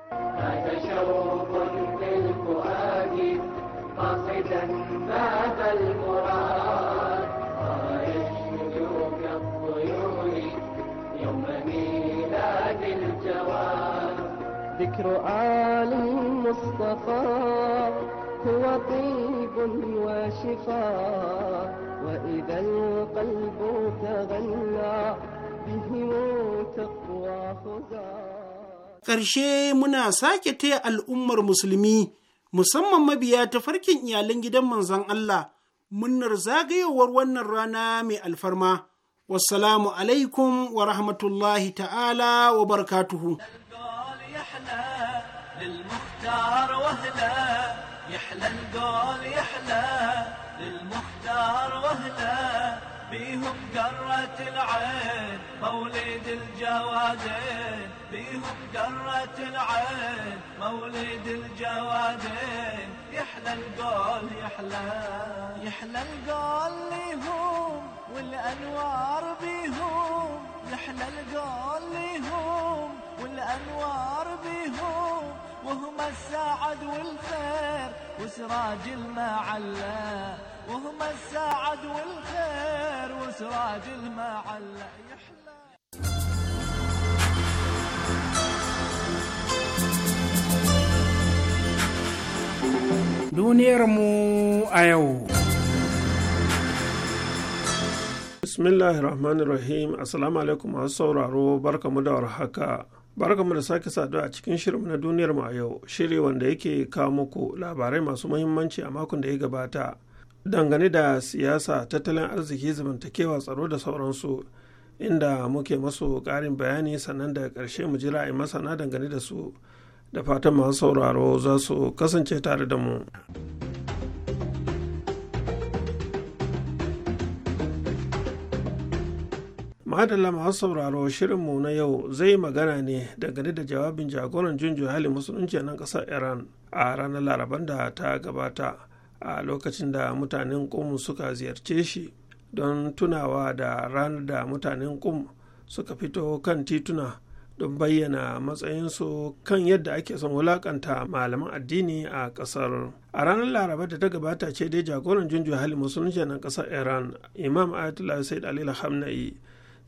ذكر آل المصطفى وشفاء وإذا القلب به تقوى Ƙarshe muna sake taya al'ummar musulmi, musamman mabiya ta iyalan gidan manzon Allah, munnar zagayowar wannan rana mai alfarma. Wassalamu alaikum wa rahmatullahi ta'ala wa barkatuhu. الدار وهنا بيهم قرة العين مولد الجوادين بيهم قرة العين مولد الجوادين يحلى القول يحلى يحلى القول ليهم والأنوار بيهم يحلى القول ليهم والأنوار بيهم وهم السعد والخير وسراج المعلى وهم السعد والخير وسراج المعلى duniyarmu a yau bismillahir rahmanir rahim assalamu alaikum masu sauraro barkamu da warhaka barkamu da sake saduwa a cikin shirin na duniyarmu a yau shiri wanda yake kawo muku labarai masu muhimmanci a makon da ya gabata dangane da siyasa tattalin arziki zamantakewa tsaro da sauransu inda muke masu karin bayani sannan da ƙarshe mu jira a masana dangane da su da fatan masu sauraro za su kasance tare da mu. madalla masu sauraro shirinmu na yau zai magana ne dangane da jawabin jagoran junjo hali musulunci nan ƙasar iran a ranar laraban da ta gabata a lokacin da mutanen ƙum suka ziyarce shi don tunawa da ranar da mutanen ƙum suka fito kan tituna don bayyana matsayinsu kan yadda ake son wulakanta malaman addini a ƙasar. a ranar laraba da ta gabata ce dai jagoran junju hali musulunci na ƙasar iran imam ayatollah said ali hamna'i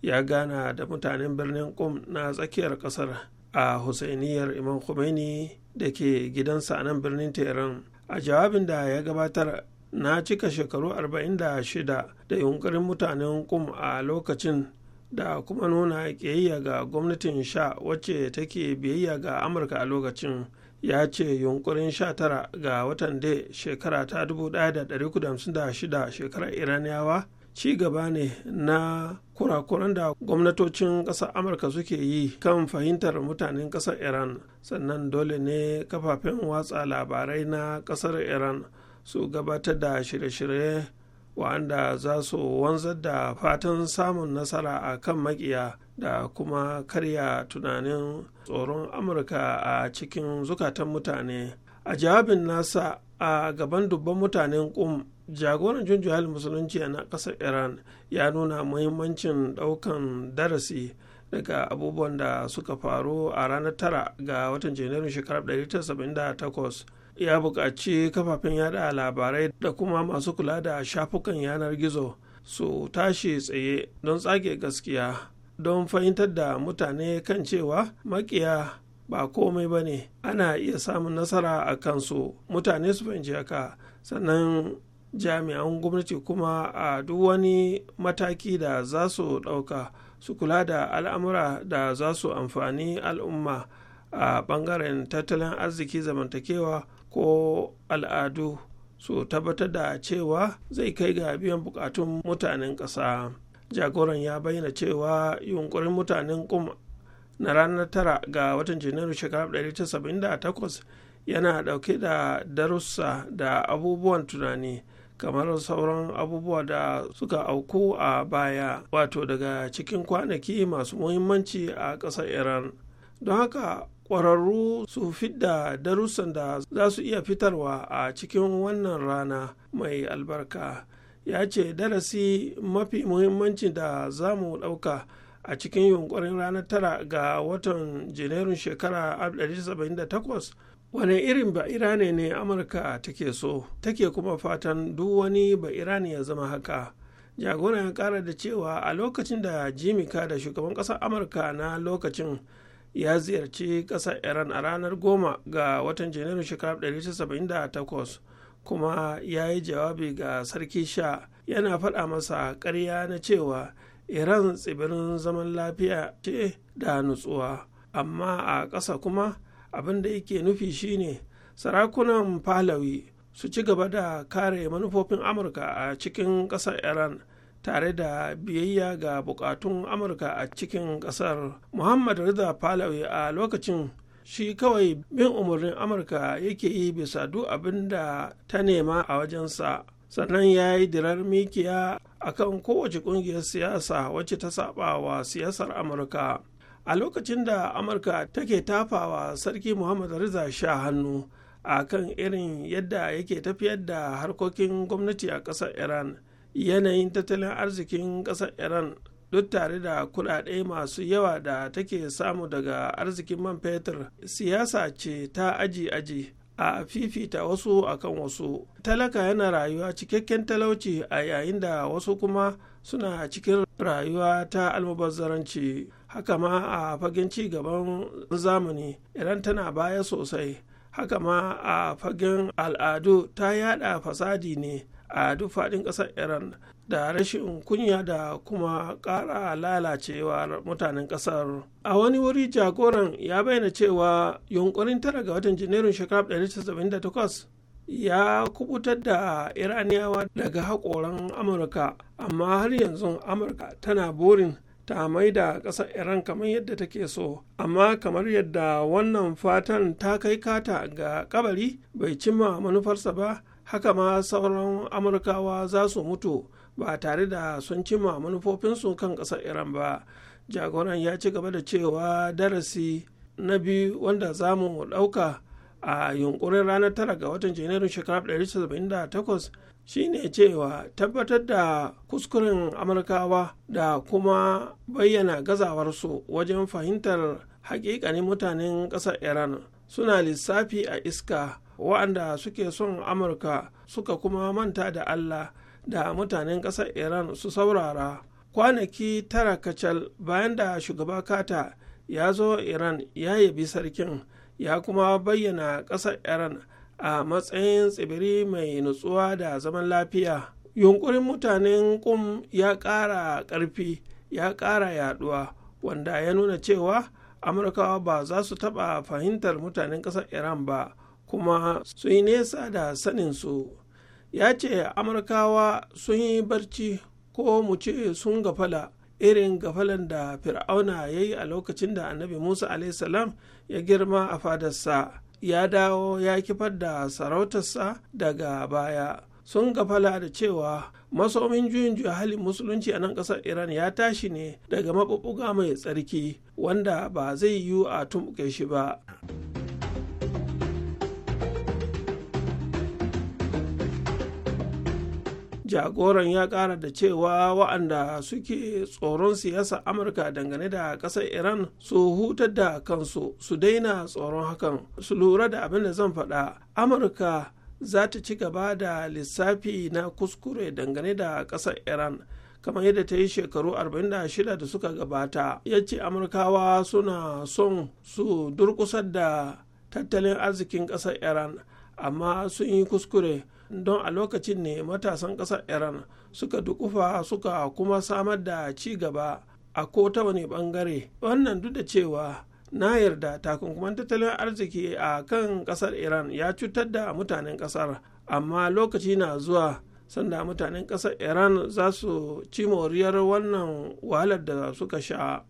ya gana da mutanen birnin kum na tsakiyar ƙasar. a husainiyar imam khomeini da ke gidansa a nan birnin tehran a jawabin da ya gabatar na cika shekaru 46 da yunkurin mutanen kum a lokacin da kuma nuna ƙiyayya ga gwamnatin sha wacce take biyayya ga amurka a lokacin ya ce yunkurin tara ga watan da shekara ta 1956 shekarar iraniyawa ci gaba ne na kurakuran da gwamnatocin ƙasar amurka suke yi kan fahimtar mutanen ƙasar iran sannan dole ne kafafen watsa labarai na ƙasar iran su gabatar da shirye-shirye wa'anda za su wanzar da fatan samun nasara a kan makiya da kuma karya tunanin tsoron amurka a cikin zukatan mutane a jawabin nasa a gaban dubban mutanen ƙum jagoran junju musulunci a ƙasar iran ya nuna muhimmancin daukan darasi daga abubuwan da suka faru a ranar tara ga watan janairun shekarar 1978 ya buƙaci kafafen yada labarai da kuma masu kula da shafukan yanar gizo su tashi tsaye don tsage gaskiya don fahimtar da mutane kan cewa makiya ba komai ba ne ana iya samun nasara a kansu mutane su fahimci haka sannan jami'an gwamnati kuma a duk wani mataki da za su ɗauka su kula da al'amura da za su amfani al'umma a ɓangaren tattalin arziki zamantakewa ko al'adu su tabbatar da cewa zai kai ga biyan bukatun mutanen ƙasa jagoran ya bayyana cewa yunkurin mutanen kum na ranar tara ga watan janairu shekarar 1978 yana ɗauke da darussa da abubuwan tunani kamar sauran abubuwa da suka auku a baya wato daga cikin kwanaki masu muhimmanci a ƙasar iran don haka ƙwararru su fidda darussan da za su iya fitarwa a cikin wannan rana mai albarka ya ce darasi mafi muhimmanci da za mu ɗauka a cikin yunkurin ranar tara ga watan janairun shekara 1978 wane irin ba'irane ne amurka take so take kuma fatan duk wani ba'irane ya zama haka jagoran ya kara da cewa a lokacin da jimika da shugaban ƙasar amurka na lokacin ya ziyarci ƙasar iran a ranar goma ga watan janairun shekarar 1978 kuma ya yi jawabi ga sarki sha yana faɗa masa karya na cewa iran tsibirin zaman lafiya ce da nutsuwa amma a ƙasa kuma abin da yake nufi shine sarakunan Falawi su ci gaba da kare manufofin amurka a cikin ƙasar iran tare da biyayya ga bukatun amurka a cikin ƙasar muhammad rida Falawi a lokacin shi kawai bin umarnin amurka yake yi bisa duk abin da ta nema a wajensa sannan ya yi dirar mikiya akan kowace kungiyar siyasa wacce ta saba wa siyasar amurka a lokacin da amurka take tafawa sarki muhammad riza sha hannu a kan irin yadda yake tafiyar da harkokin gwamnati a ƙasar iran yanayin tattalin arzikin ƙasar iran duk tare da kuɗaɗe masu yawa da take samu daga arzikin man fetur siyasa ce ta aji-aji a fifita wasu akan wasu talaka yana rayuwa cikakken talauci a yayin da wasu kuma suna cikin rayuwa ta almubazzaranci haka ma a fagen ci gaban zamani iran tana baya sosai haka ma a fagen al'adu ta yada fasadi ne a duk faɗin ƙasar iran da rashin kunya da kuma ƙara lalacewar mutanen ƙasar a wani wuri jagoran ya bayyana cewa yunkurin tara ga watan janairun shekarar 1978 ya kubutar da iraniyawa daga haƙoran amurka amma har yanzu amurka tana burin ta da ƙasar iran kamar yadda take so amma kamar yadda wannan fatan ta kai kata ga kabari bai cimma manufarsa ba haka ma sauran amurkawa za su mutu ba tare da sun cimma manufofinsu kan ƙasar iran ba jagoran ya ci gaba da cewa darasi na biyu wanda za mu ɗauka a yunkurin ranar 9 ga watan janairun shekarar shine cewa tabbatar da kuskuren amurkawa da kuma bayyana gazawarsu wajen fahimtar hakikanin mutanen ƙasar iran suna lissafi a iska wa'anda suke son amurka suka kuma manta da allah da mutanen ƙasar iran su saurara kwanaki tara kacal bayan da shugaba kata ya zo iran ya yabi sarkin ya kuma bayyana ƙasar iran a matsayin tsibiri mai nutsuwa da zaman lafiya yunkurin mutanen kum ya ƙara ƙarfi ya ƙara yaduwa wanda ya nuna cewa amurkawa ba za su taɓa fahimtar mutanen ƙasar iran ba kuma sun yi nesa da saninsu ya ce amurkawa sun yi barci ko mu ce sun gafala irin gafalan da fir'auna ya yi a lokacin da annabi musa salam ya girma a fadarsa ya dawo ya kifar da sarautarsa daga baya sun gafala da cewa masomin juyin juya halin musulunci a nan ƙasar iran ya tashi ne daga mabubuga mai tsarki wanda ba zai yiwu a tumɓuke shi ba. jagoran ya kara da cewa wa'anda suke tsoron siyasa amurka dangane da ƙasar iran su hutar da kansu su daina tsoron hakan su lura da abin da zan faɗa amurka za ta ci gaba da lissafi na kuskure dangane da ƙasar iran kamar yadda ta yi shekaru 46 da suka gabata ya ce amurkawa suna son su durkusar da tattalin arzikin ƙasar iran amma sun yi kuskure don a lokacin ne matasan ƙasar iran suka dukufa suka kuma samar da ci gaba a ko ta wani bangare wannan duk da cewa na yarda takunkuman tattalin arziki a kan ƙasar iran ya cutar da mutanen ƙasar amma lokaci na zuwa sanda mutanen ƙasar iran za su ci moriyar wannan wahalar da suka sha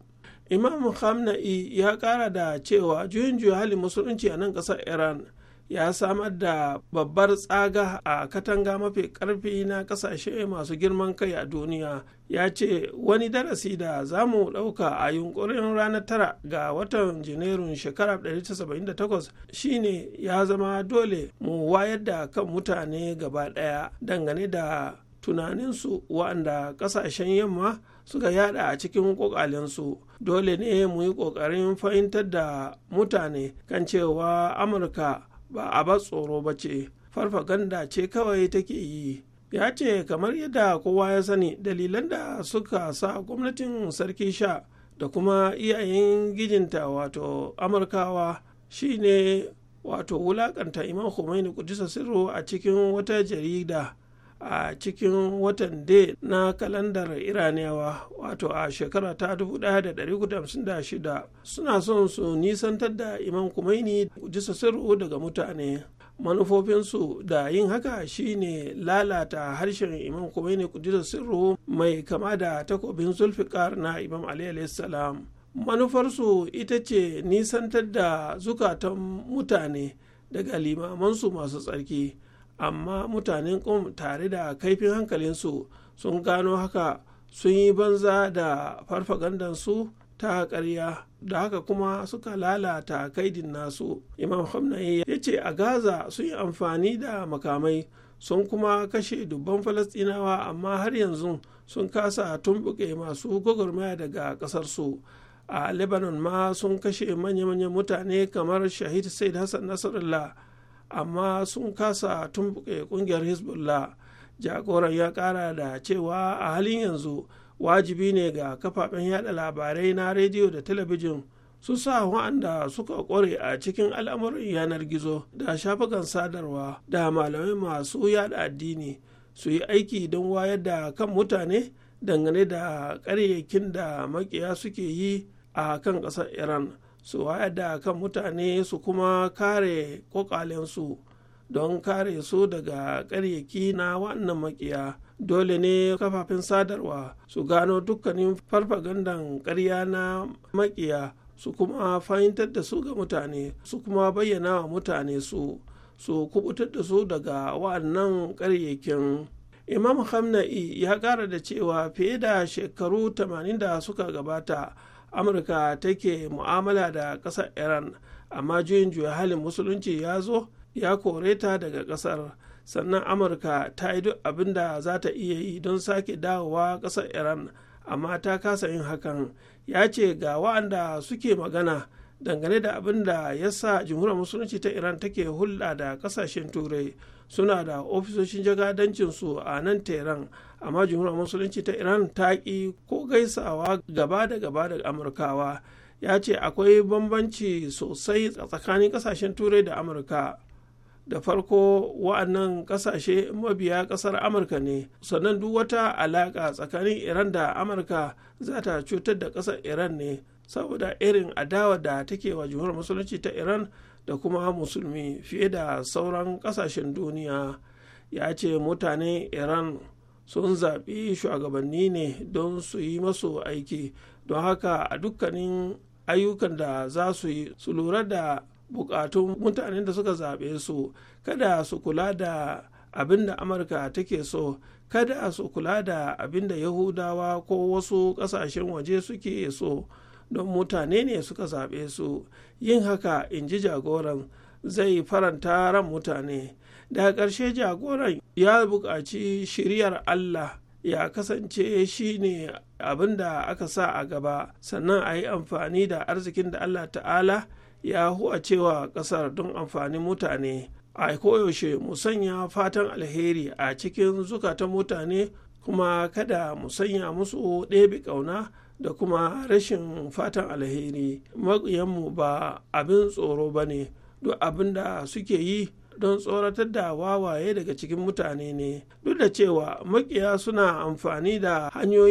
imam hamna'i ya ƙara da cewa juyin juya halin musulunci a nan ƙasar iran ya samar da babbar tsaga a katanga mafi karfi na kasashe masu girman kai a duniya ya ce wani darasi da za mu ɗauka a yunkurin ranar tara ga watan janairun shekara 1978 shine ya zama dole mu wayar da kan mutane gaba ɗaya dangane da tunaninsu wa'anda ƙasashen yamma suka yada a cikin kokalinsu dole ne mu yi kokarin fahimtar da mutane kan cewa amurka ba a ba tsoro ba ce farfaganda ce kawai take yi ya ce kamar yadda kowa ya sani dalilan da suka sa gwamnatin sarki sha da kuma iyayen gijinta wato amurkawa shine wato wulakanta imam khomeini kudisa sirru a cikin wata jarida a cikin watan de na kalandar iraniyawa wato a shekara ta 1956 suna son su nisantar da imam kumaini jisa sirru daga mutane manufofinsu da yin haka shine lalata harshen imam kumaini kudisa sirru mai kama da takobin zulfikar na imam ali salam manufarsu ita ce nisantar da zukatan mutane daga limamansu masu tsarki amma mutanen ƙum tare da kaifin hankalinsu sun gano haka sun yi banza da farfagandansu ta ƙarya da haka kuma suka lalata kaidin nasu imam hamnaye ya ce a gaza sun yi amfani da makamai sun kuma kashe dubban falastinawa amma har yanzu sun kasa tumbuke masu gwagwarmaya daga ƙasarsu a lebanon ma sun kashe manya-manyan mutane kamar shahid said hassan nasarallah amma sun kasa tumbuke kungiyar hezbollah jagoran ya kara da cewa a halin yanzu wajibi ne ga kafafen yada labarai na rediyo da talabijin su sa wa'anda suka kware a cikin al'amuran yanar gizo da shafukan sadarwa da malamai masu yada addini su yi aiki don wayar da kan mutane dangane da ƙaryakin da makiya suke yi a kan ƙasar iran su wayar kan mutane su kuma kare kokalensu don kare su daga karyaki na wannan makiya dole ne kafafen sadarwa su gano dukkanin farfagandan karya na makiya su kuma fahimtar da su ga mutane su kuma bayyana wa mutane su su kubutar da su daga wa'annan karyakin imam hamna'i ya kara da cewa fiye da shekaru 80 da suka gabata amurka take mu'amala da ƙasar iran amma juyin juya halin musulunci ya zo ya kore ta daga ƙasar sannan amurka ta yi duk abin da za ta iya yi don sake dawowa ƙasar iran amma ta kasa yin hakan ya ce ga wa'anda suke magana dangane da abin da ya sa jamhuriyar musulunci ta iran take hulɗa da ƙasashen turai suna da ofisoshin jagadancinsu a nan teran amma jumhuriyar musulunci ta iran ta ƙi ko gaisawa gaba da gaba da amurkawa ya ce akwai bambanci sosai tsakanin kasashen turai da amurka da farko wa'annan ƙasashe mabiya ƙasar amurka ne sannan duk wata alaƙa tsakanin iran da amurka za ta cutar da ƙasar iran ne saboda irin adawa da take wa jumhuriyar musulunci ta iran da kuma musulmi fiye da sauran ƙasashen duniya ya ce mutane iran sun zaɓi shugabanni ne don su yi masu aiki don haka a dukkanin ayyukan da za su yi su lura da bukatun mutanen da suka zaɓe su kada su kula da abin da amurka take so kada su kula da abin da yahudawa ko wasu ƙasashen waje suke so don mutane ne suka zaɓe su yin haka in ji jagoran zai faranta ran mutane daga ƙarshe jagoran ya buƙaci shiriyar allah ya kasance shi ne abin da aka sa a gaba sannan a yi amfani da arzikin da allah ta'ala ya huwa cewa ƙasar don amfanin mutane a koyaushe mu sanya fatan alheri a cikin zukata mutane kuma kada mu sanya musu ɗebi ƙauna da kuma rashin fatan alheri mu ba abin tsoro ba ne duk abin da suke yi don tsoratar da wawaye daga cikin mutane ne duk da cewa makiya suna amfani da hanyoyi